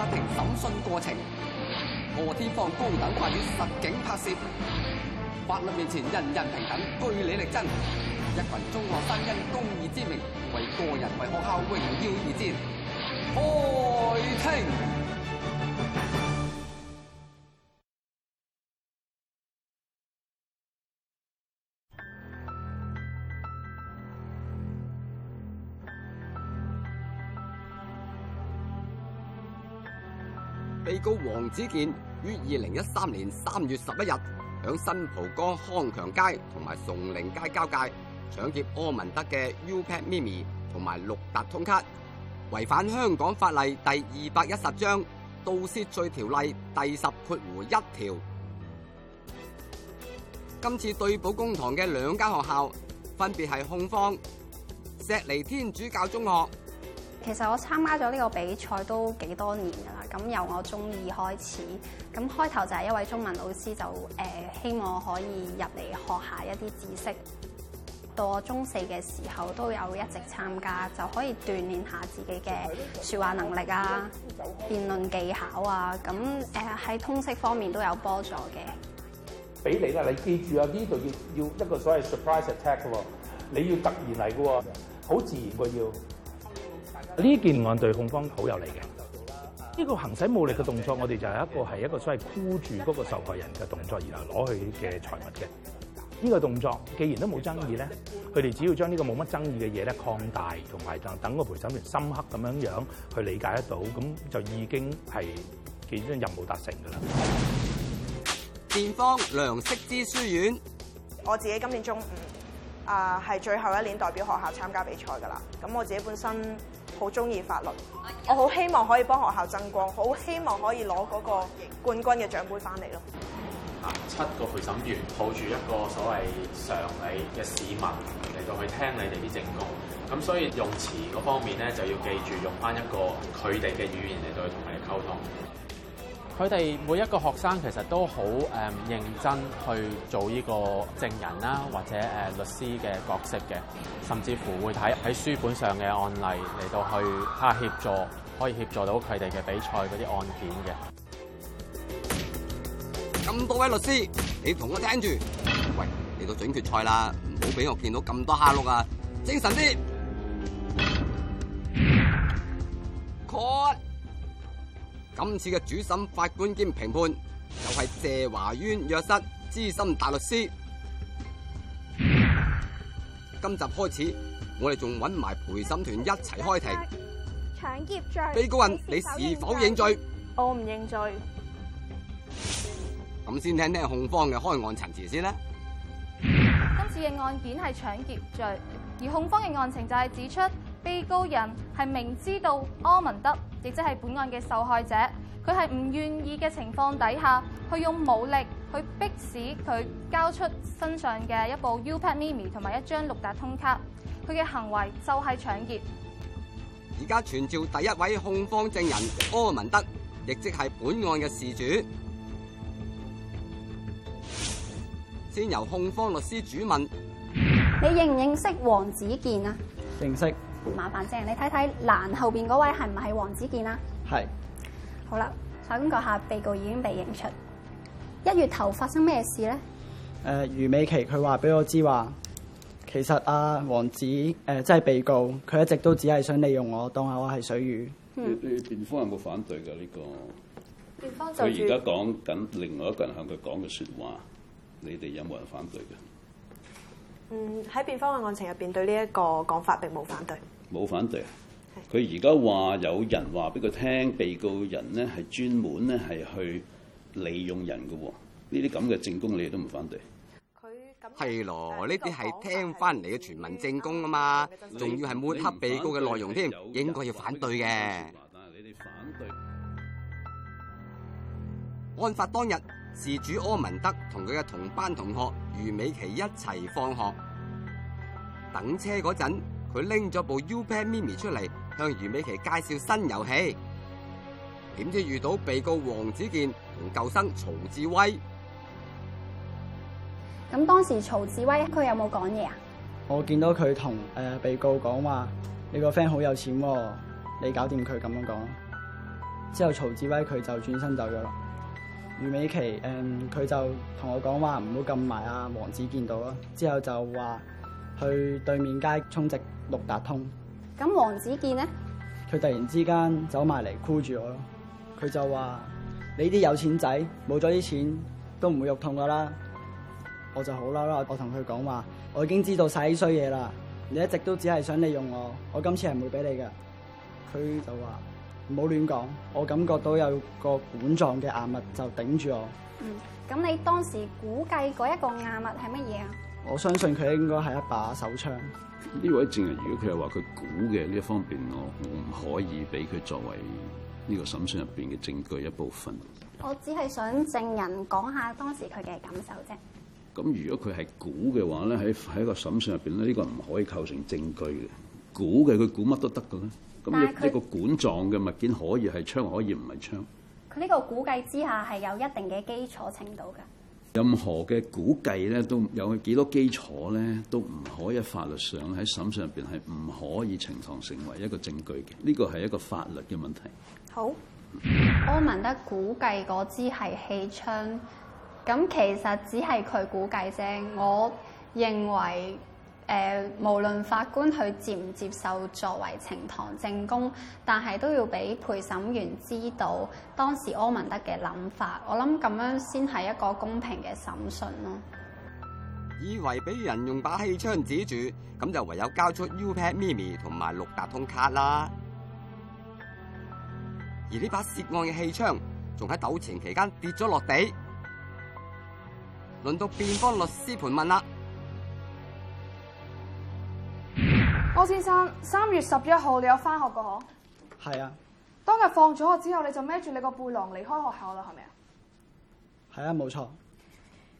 法庭審訊過程，何天放高等法院實景拍攝。法律面前人人平等，據理力爭。一群中學生因公義之名為個人、為學校榮耀而戰。開庭。王子健於二零一三年三月十一日喺新蒲崗康強街同埋崇齡街交界，搶劫柯文德嘅 Upad Mini 同埋六達通卡，違反香港法例第二百一十章《盜竊罪條例》第十括弧一條。今次對簿公堂嘅兩間學校，分別係控方石籬天主教中學。其實我參加咗呢個比賽都幾多年噶啦，咁由我中二開始，咁開頭就係一位中文老師就、呃、希望可以入嚟學一下一啲知識。到我中四嘅時候都有一直參加，就可以鍛煉下自己嘅說話能力啊、辯論技巧啊，咁喺、呃、通識方面都有幫助嘅。俾你啦，你記住啊，呢度要要一個所謂 surprise attack 喎，你要突然嚟嘅喎，好自然嘅要。呢件案對控方好有利嘅，呢個行使武力嘅動作，我哋就係一個係一個所謂箍住嗰個受害人嘅動作而拿去的的，然後攞佢嘅財物嘅。呢個動作既然都冇爭議咧，佢哋只要將呢個冇乜爭議嘅嘢咧擴大，同埋等個陪審員深刻咁樣樣去理解得到，咁就已經係其中任務達成噶啦。辯方梁式芝書院。我自己今年中五啊係最後一年代表學校參加比賽噶啦，咁我自己本身。好中意法律，我好希望可以幫學校爭光，好希望可以攞嗰個冠軍嘅獎盃翻嚟咯。啊，七個陪審員抱住一個所謂常理嘅市民嚟到去聽你哋啲證供，咁所以用詞嗰方面咧就要記住用翻一個佢哋嘅語言嚟到去同你溝通。佢哋每一個學生其實都好誒認真去做呢個證人啦，或者誒律師嘅角色嘅，甚至乎會睇喺書本上嘅案例嚟到去啊協助，可以協助到佢哋嘅比賽嗰啲案件嘅。咁多位律師，你同我聽住！喂，嚟到準決賽啦，唔好俾我見到咁多蝦碌啊！精神啲！今次嘅主審法官兼評判就係謝華淵若瑟資深大律師。今集開始，我哋仲揾埋陪審團一齊開庭。搶劫罪。被告人，你是否認罪？我唔認罪。咁先聽聽控方嘅開案陳詞先呢。今次嘅案件係搶劫罪，而控方嘅案情就係指出。被告人係明知道柯文德，亦即係本案嘅受害者，佢係唔願意嘅情況底下，去用武力去迫使佢交出身上嘅一部 Upad Mini 同埋一張六達通卡。佢嘅行為就係搶劫。而家傳召第一位控方證人柯文德，亦即係本案嘅事主，先由控方律師主問：你認唔認識王子健啊？認識。好麻煩姐，你睇睇欄後邊嗰位係唔係王子健啊？係是。好啦，法官閣下，被告已經被認出。一月頭發生咩事咧？誒、呃，余美琪佢話俾我知話，其實阿、啊、王子誒，即、呃、係被告，佢一直都只係想利用我，當下我係水魚、嗯。你辯方有冇反對嘅呢、這個？辯方就佢而家講緊另外一個人向佢講嘅說話，你哋有冇人反對嘅？嗯，喺辯方嘅案情入邊對呢一個講法並冇反對，冇反對。佢而家話有人話俾佢聽，被告人咧係專門咧係去利用人嘅喎，呢啲咁嘅證供，你哋都唔反對。佢咁係咯，呢啲係聽翻嚟嘅傳聞證供啊嘛，仲你要係抹黑被告嘅內容添，應該要反對嘅。但係你哋反對案發當日。事主柯文德同佢嘅同班同學余美琪一齊放學，等車嗰陣，佢拎咗部 Upad Mini 出嚟，向余美琪介紹新遊戲。點知遇到被告王子健同舊生曹志威。咁當時曹志威佢有冇講嘢啊？我見到佢同誒被告講話，你個 friend 好有錢喎，你搞掂佢咁樣講。之後曹志威佢就轉身走咗啦。余美琪，誒、嗯、佢就同我講話，唔好撳埋阿王子健度咯，之後就話去對面街充值六達通。咁王子健咧，佢突然之間走埋嚟箍住我咯，佢就話：你啲有錢仔冇咗啲錢都唔會肉痛噶啦。我就好嬲啦，我同佢講話：我已經知道曬衰嘢啦，你一直都只係想利用我，我今次係唔會俾你噶。佢就話。唔好亂講，我感覺到有個管狀嘅硬物就頂住我。嗯，咁你當時估計嗰一個硬物係乜嘢啊？我相信佢應該係一把手槍。呢、嗯、位證人如果佢係話佢估嘅呢一方面，我唔可以俾佢作為呢個審訊入邊嘅證據一部分。我只係想證人講下當時佢嘅感受啫。咁如果佢係估嘅話咧，喺喺個審訊入邊咧，呢、呢個唔可以構成證據嘅。估嘅，佢估乜都得嘅啦。咁呢個管狀嘅物件可以係槍，可以唔係槍。佢呢個估計之下係有一定嘅基礎程度㗎。任何嘅估計咧，都有幾多基礎咧，都唔可以法律上喺審訊上邊係唔可以呈堂成為一個證據嘅。呢個係一個法律嘅問題。好，柯文德估計嗰支係氣槍，咁其實只係佢估計啫。我認為。誒，無論法官佢接唔接受作為呈堂證供，但係都要俾陪審員知道當時柯文德嘅諗法。我諗咁樣先係一個公平嘅審訊咯。以為俾人用把氣槍指住，咁就唯有交出 Upad Mini 同埋六達通卡啦。而呢把涉案嘅氣槍，仲喺糾纏期間跌咗落地。輪到辯方律師盤問啦。高先生，三月十一號你有翻學個嗬？係啊。當日放咗學之後，你就孭住你個背囊離開學校啦，係咪啊？係啊，冇錯。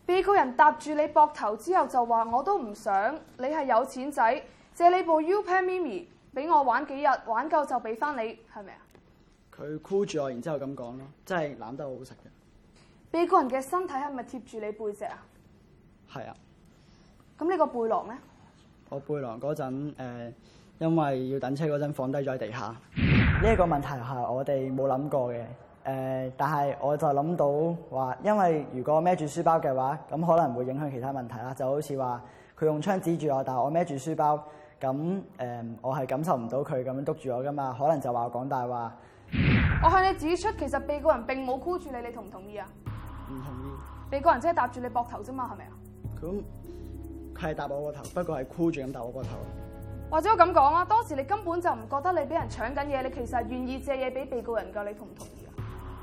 被告人搭住你膊頭之後就話我都唔想，你係有錢仔，借你部 U Pad Mini 俾我玩幾日，玩夠就俾翻你，係咪啊？佢箍住我，然之後咁講咯，真係攬得好好食嘅。被告人嘅身體係咪貼住你背脊啊？係啊。咁你個背囊呢？我背囊嗰陣，誒、呃，因為要等車嗰陣放低咗喺地下。呢一個問題係我哋冇諗過嘅，誒、呃，但係我就諗到話，因為如果孭住書包嘅話，咁可能會影響其他問題啦。就好似話佢用槍指住我，但係我孭住書包，咁，誒、呃，我係感受唔到佢咁樣督住我噶嘛？可能就話我講大話。我向你指出，其實被告人並冇箍住你，你同唔同意啊？唔同意。被告人即係搭住你膊頭啫嘛？係咪啊？咁。係打我個頭，不過係箍住咁打我個頭。或者我咁講啊，當時你根本就唔覺得你俾人搶緊嘢，你其實係願意借嘢俾被告人噶，你同唔同意啊？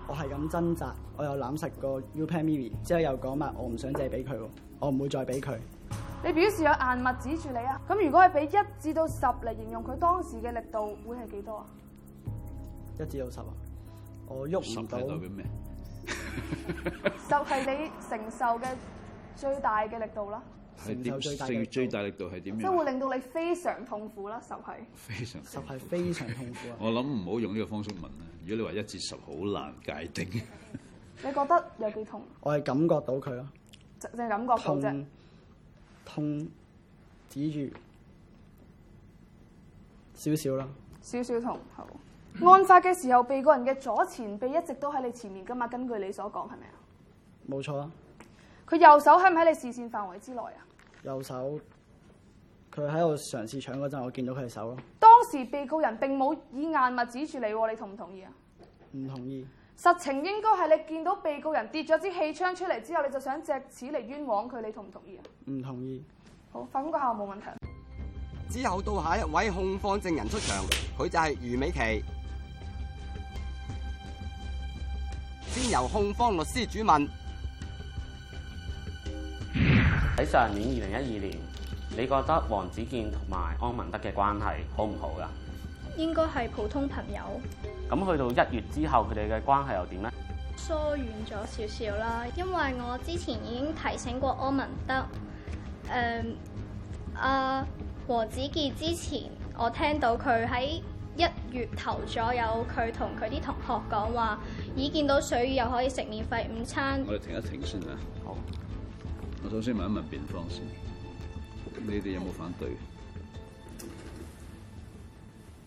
我係咁掙扎，我又攬實個 Upad Mini，之後又講埋，我唔想借俾佢，我唔會再俾佢。你表示有硬物指住你啊？咁如果係俾一至到十嚟形容佢當時嘅力度，會係幾多啊？一至到十啊？我喐唔到。十係代表咩？就 係你承受嘅最大嘅力度啦。係點？即係最大力度係點樣？即係會令到你非常痛苦啦，受係。非常十係非常痛苦啊！苦我諗唔好用呢個方式問啊！如果你話一至十，好難界定。你覺得有幾痛？我係感覺到佢咯，就就感覺到痛啫。已痛止住少少啦，少少痛。好，案發嘅時候，被告人嘅左前臂一直都喺你前面噶嘛？根據你所講，係咪啊？冇錯啊！佢右手喺唔喺你視線範圍之內啊？右手，佢喺度嘗試搶嗰陣，我見到佢嘅手咯。當時被告人並冇以硬物指住你，你同唔同意啊？唔同意。實情應該係你見到被告人跌咗支氣槍出嚟之後，你就想借此嚟冤枉佢，你同唔同意啊？唔同意。好，法官閣下，我冇問題。之後到下一位控方證人出場，佢就係余美琪。先由控方律師主問。喺上年二零一二年，你覺得王子健同埋柯文德嘅關係好唔好噶？應該係普通朋友。咁去到一月之後，佢哋嘅關係又呢點咧？疏遠咗少少啦，因為我之前已經提醒過柯文德，誒、嗯，王、啊、子健之前，我聽到佢喺一月頭左右，佢同佢啲同學講話，已見到水魚又可以食免費午餐。我哋停一停先啦。我首先問一問辯方先，你哋有冇反對？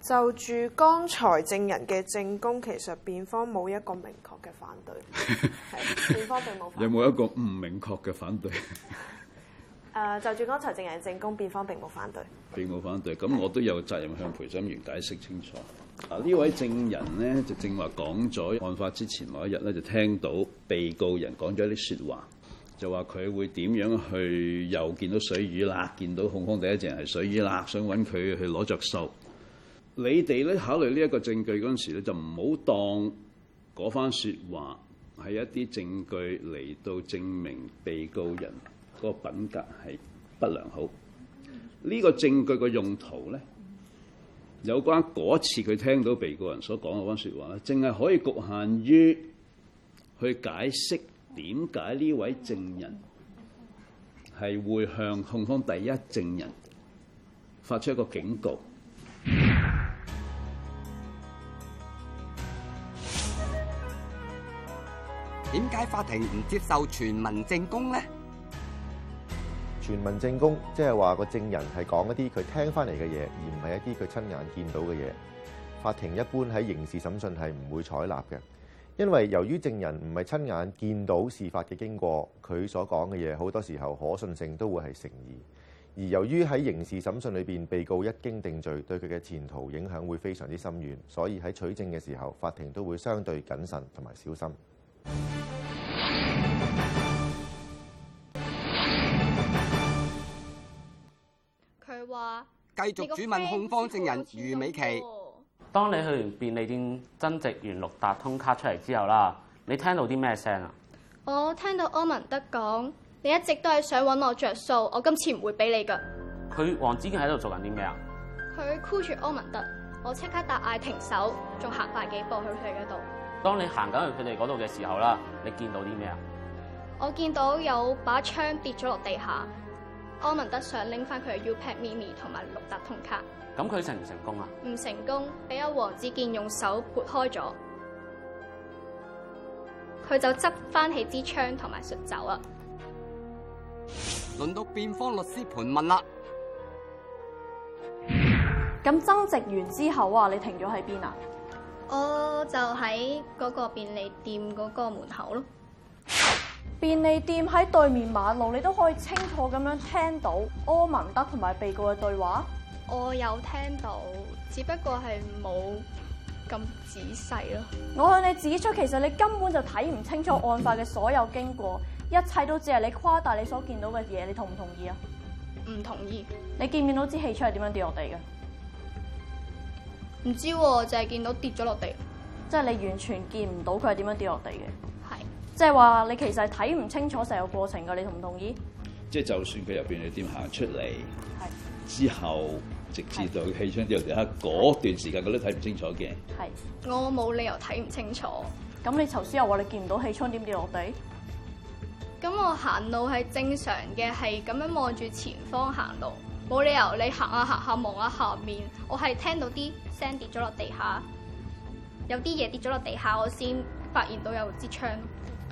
就住剛才證人嘅證供，其實辯方冇一個明確嘅反對。 辯方並冇。有冇一個唔明確嘅反對？誒， uh, 就住剛才證人嘅證供，辯方並冇反對。並冇反對，咁我都有責任向陪審員解釋清楚。的啊，呢位證人咧就正話講咗案發之前某一日咧就聽到被告人講咗一啲説話。就話佢會點樣去，又見到水魚啦，見到控方第一隻係水魚啦，想揾佢去攞着數。你哋咧考慮呢一個證據嗰陣時咧，就唔好當嗰番説話係一啲證據嚟到證明被告人個品格係不良好。呢個證據嘅用途咧，有關嗰次佢聽到被告人所講嗰番説話咧，淨係可以局限於去解釋。點解呢位證人係會向控方第一證人發出一個警告？點解法庭唔接受全民證供咧？全民證供即係話個證人係講一啲佢聽翻嚟嘅嘢，而唔係一啲佢親眼見到嘅嘢。法庭一般喺刑事審訊係唔會採納嘅。因為由於證人唔係親眼見到事發嘅經過，佢所講嘅嘢好多時候可信性都會成疑。而由於喺刑事審訊裏邊，被告一經定罪，對佢嘅前途影響會非常之深遠，所以喺取證嘅時候，法庭都會相對謹慎同埋小心。佢話說：繼續主問控方證人余美琪。當你去完便利店增值完六達通卡出嚟之後啦，你聽到啲咩聲啊？我聽到柯文德講：你一直都係想揾我着數，我今次唔會俾你噶。佢王子健喺度做緊啲咩啊？佢箍住柯文德，我即刻大嗌停手，仲行快幾步去佢嗰度。當你行緊去佢哋嗰度嘅時候啦，你見到啲咩啊？我見到有把槍跌咗落地下，柯文德想拎翻佢嘅 U-Pad Mini 同埋六達通卡。咁佢成唔成功啊？唔成功，俾阿王子健用手撥開咗，佢就執翻起支槍同埋順走啦。輪到辯方律師盤問啦。咁爭執完之後啊，你停咗喺邊啊？我就喺嗰個便利店嗰個門口咯。便利店喺對面馬路，你都可以清楚咁樣聽到柯文德同埋被告嘅對話？我有聽到，只不過係冇咁仔細咯。我向你指出，其實你根本就睇唔清楚案發嘅所有經過， 一切都只係你誇大你所見到嘅嘢。你同唔同意啊？唔同意。你見唔見到這支氣槍係點樣跌落地嘅？唔知喎、啊，淨係見到跌咗落地。即係你完全見唔到佢係點樣跌落地嘅。係是。即係話你其實係睇唔清楚成個過程嘅，你同唔同意？即係就算佢入邊你點行出嚟，係是之後。直至到氣槍掉落地，嗰段時間我都睇唔清楚嘅。係，我冇理由睇唔清楚。咁你頭先又話你見唔到氣槍點跌落地？咁我行路係正常嘅，係咁樣望住前方行路，冇理由你行下行下望下下面。我係聽到啲聲跌咗落地下，有啲嘢跌咗落地下，我先發現到有支槍。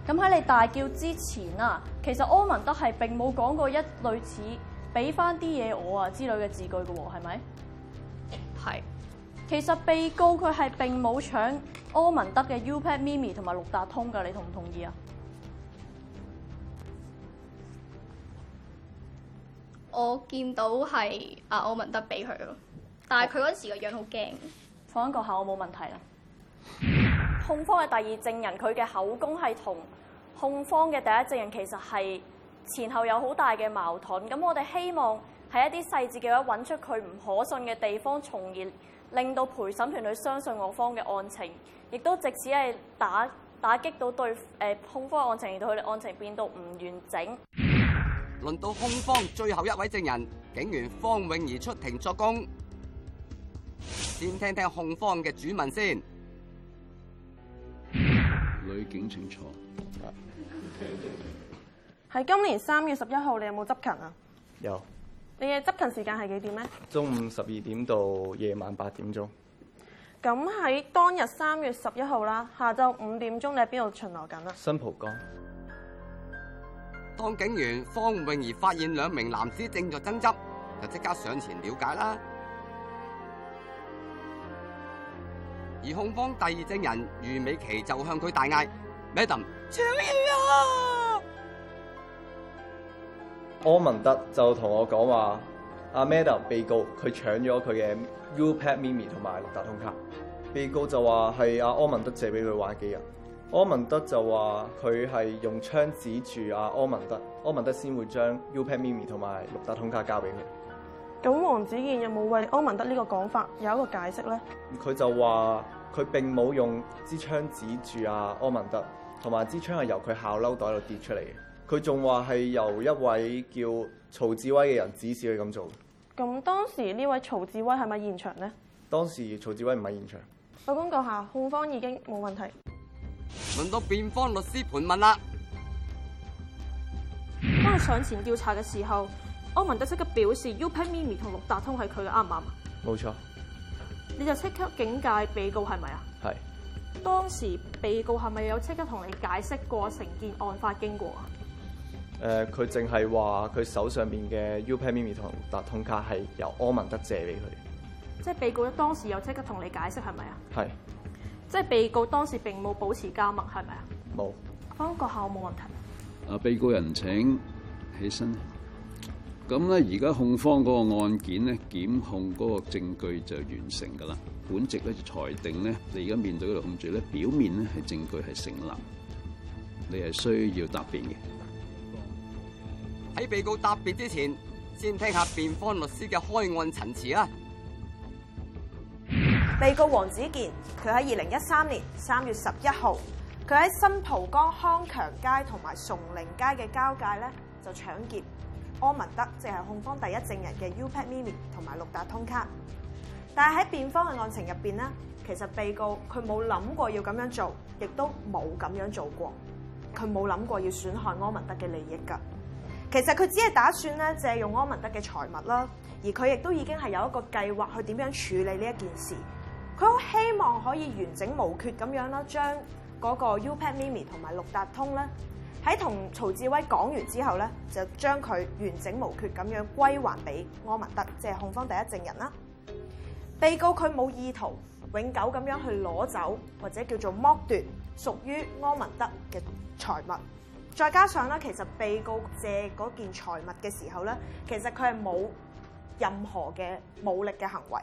咁喺你大叫之前啊，其實柯文德係並冇講過一類似。俾翻啲嘢我啊，之類嘅字句嘅喎，係咪？係。其實被告佢係並冇搶柯文德嘅 U-Pad Mini 同埋六達通嘅，你同唔同意啊？我見到係阿柯文德俾佢咯，但係佢嗰時個樣好驚，放一個下我冇問題啦。控方嘅第二證人佢嘅口供係同控方嘅第一證人其實係。前後有好大嘅矛盾，咁我哋希望喺一啲細節嘅話搵出佢唔可信嘅地方，從而令到陪審團去相信我方嘅案情，亦都即使係打打擊到對誒控方案情，令到佢哋案情變到唔完整。輪到控方最後一位證人警員方永兒出庭作供，先聽聽控方嘅主問先。女警請坐。 喺今年三月十一號，你有冇執勤啊？有。你嘅執勤時間係幾點咧？中午十二點到夜晚八點鐘。咁喺當日三月十一號啦，下晝五點鐘你喺邊度巡邏緊啊？新蒲崗。當警員方永怡發現兩名男子正在爭執，就即刻上前了解啦。而控方第二證人余美琪就向佢大嗌，Madam，搶嘢啊！柯文德就同我講話，阿、啊、Madam 被告佢搶咗佢嘅 Upad Mini 同埋六達通卡，被告就話係阿柯文德借俾佢玩幾日，柯文德就話佢係用槍指住阿柯文德，柯文德先會將 Upad Mini 同埋六達通卡交俾佢。咁王子健有冇為柯文德呢個講法有一個解釋咧？佢就話佢並冇用支槍指住阿柯文德，同埋支槍係由佢下褸袋度跌出嚟嘅。佢仲話係由一位叫曹志威嘅人指示佢咁做。咁當時呢位曹志威係咪現場咧？當時曹志威唔係現場。法官閣下，控方已經冇問題。輪到辯方律師盤問啦。當佢上前調查嘅時候，柯文德即刻表示，Upad Mini 同陸達通係佢嘅，啱唔啱？冇錯。你就即刻警戒被告係咪啊？係是。當時被告係咪有即刻同你解釋過成件案發經過啊？.誒，佢淨係話佢手上邊嘅 Upad Mini 同達通卡係由柯文德借俾佢。即係被告當時有即刻同你解釋係咪啊？係。是 即係被告當時並冇保持緘默，係咪啊？冇。方閣下，冇問題。啊，被告人請起身。咁咧，而家控方嗰個案件咧，檢控嗰個證據就完成噶啦。本席咧就裁定咧，你而家面對嗰度控罪咧，表面咧係證據係成立，你係需要答辯嘅。喺被告答辯之前，先聽下辯方律師嘅開案陳詞啊，被告王子健，佢喺二零一三年三月十一號，佢喺新蒲崗康強街同埋崇齡街嘅交界咧就搶劫柯文德，即係控方第一證人嘅 Upad Mini 同埋六達通卡。但係喺辯方嘅案情入邊呢，其實被告佢冇諗過要咁樣做，亦都冇咁樣做過。佢冇諗過要損害柯文德嘅利益噶。其實佢只係打算咧借用柯文德嘅財物啦，而佢亦都已經係有一個計劃去點樣處理呢一件事。佢好希望可以完整無缺咁樣啦，將嗰個 Upad Mini 同埋六達通咧，喺同曹志威講完之後咧，就將佢完整無缺咁樣歸還俾柯文德，即係控方第一證人啦。被告佢冇意圖永久咁樣去攞走或者叫做剝奪屬於柯文德嘅財物。再加上咧，其實被告借嗰件財物嘅時候咧，其實，佢係冇任何嘅武力嘅行為，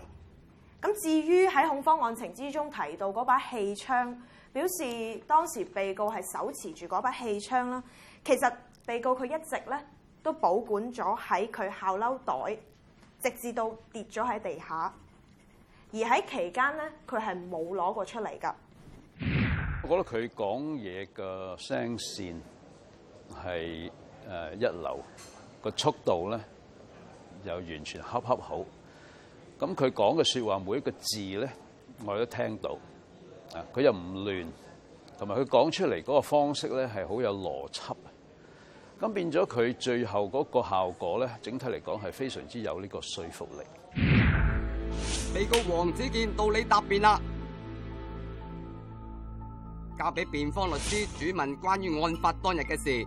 咁至於喺控方案情之中提到嗰把氣槍表示當時被告係手持住嗰把氣槍啦。其實被告佢一直咧都保管咗喺佢校褸袋，直至到跌咗喺地下。而喺期間咧，佢係冇攞過出嚟噶。我覺得佢講嘢嘅聲線。係誒一流個速度咧，又完全恰恰好。咁佢講嘅説話每一個字咧，我都聽到。啊，佢又唔亂，同埋佢講出嚟嗰個方式咧係好有邏輯。咁變咗佢最後嗰個效果咧，整體嚟講係非常之有呢個說服力。被告王子健，到你答辯啦。交俾辯方律師主問關於案發當日嘅事。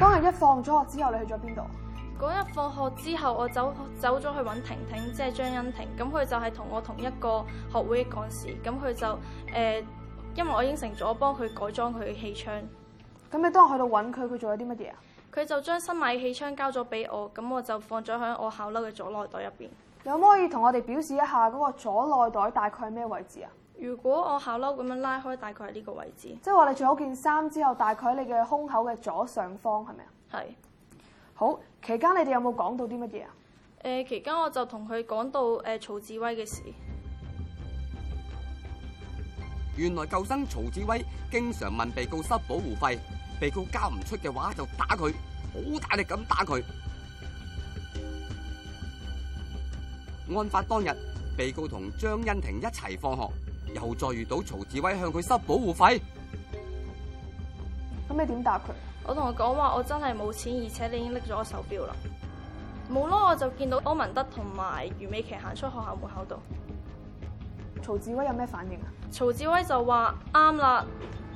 當日一放咗學之後，你去咗邊度？嗰日放學之後，我走走咗去揾婷婷，即係張欣婷。咁佢就係同我同一個學會嘅幹事。咁佢就誒、呃，因為我應承咗幫佢改裝佢嘅氣槍。咁你當日去到揾佢，佢做咗啲乜嘢啊？佢就將新買嘅氣槍交咗俾我，咁我就放咗喺我校褸嘅左內袋入邊。有冇可以同我哋表示一下嗰個左內袋大概係咩位置啊？如果我下樓咁樣拉開，大概係呢個位置。即係話你着好件衫之後，大概喺你嘅胸口嘅左上方係咪啊？係。是好，期間你哋有冇講到啲乜嘢啊？誒、呃，期間我就同佢講到誒、呃、曹志威嘅事。原來舊生曹志威經常問被告收保護費，被告交唔出嘅話就打佢，好大力咁打佢。案發當日，被告同張欣婷一齊放學。又再遇到曹志威向佢收保護費，咁你點答佢？我同佢講話，我真係冇錢，而且你已經拎咗我手表啦。冇咯，我就見到柯文德同埋余美琪行出學校門口度。曹志威有咩反應啊？曹志威就話，啱啦，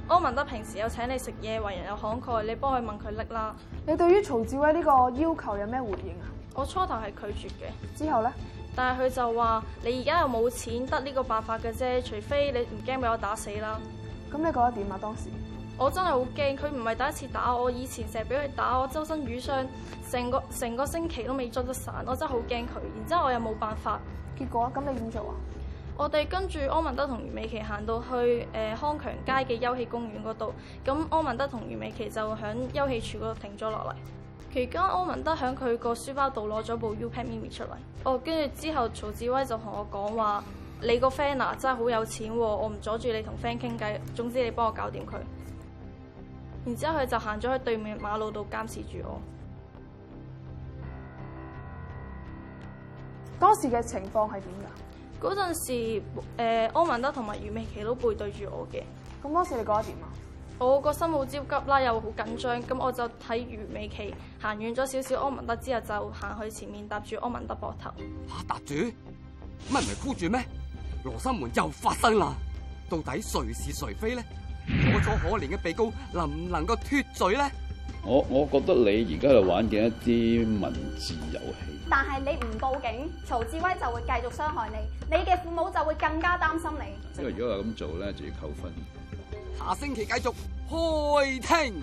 柯文德平時又請你食嘢，為人又慷慨，你幫佢問佢拎啦。你對於曹志威呢個要求有咩回應啊？我初頭係拒絕嘅，之後咧。但係佢就話你而家又冇錢得呢個辦法嘅啫，除非你唔驚俾我打死啦。咁你覺得點啊？當時我真係好驚，佢唔係第一次打我，以前成日俾佢打我，周身瘀傷，成個成個星期都未捽得散，我真係好驚佢。然之後我又冇辦法，結果咁你點做啊？我哋跟住柯文德同余美琪行到去誒、呃、康強街嘅休憩公園嗰度，咁柯文德同余美琪就響休憩處嗰度停咗落嚟。期間，柯文德響佢個書包度攞咗部 U Pad Mini 出嚟。哦，跟住之後，曹志威就同我講話：你個 friend 啊，真係好有錢啊，我唔阻住你同 friend 傾偈。總之，你幫我搞掂佢。然之後佢就行咗去對面馬路度監視住我。當時嘅情況係點噶？陣時，誒、呃，柯文德同埋余美琪都背對住我嘅。咁當時你講咗點啊？我個心好焦急啦，又好緊張，咁我就睇余美琪行遠咗少少，柯文德之後就行去前面搭住柯文德膊頭。搭住乜？唔係箍住咩？羅生門又發生啦，到底誰是誰非咧？我咗可憐嘅被告，能唔能夠脫罪咧？我我覺得你而家係玩嘅一啲文字遊戲。但係你唔報警，曹志威就會繼續傷害你，你嘅父母就會更加擔心你。即係如果我咁做咧，就要扣分。下星期繼續開庭。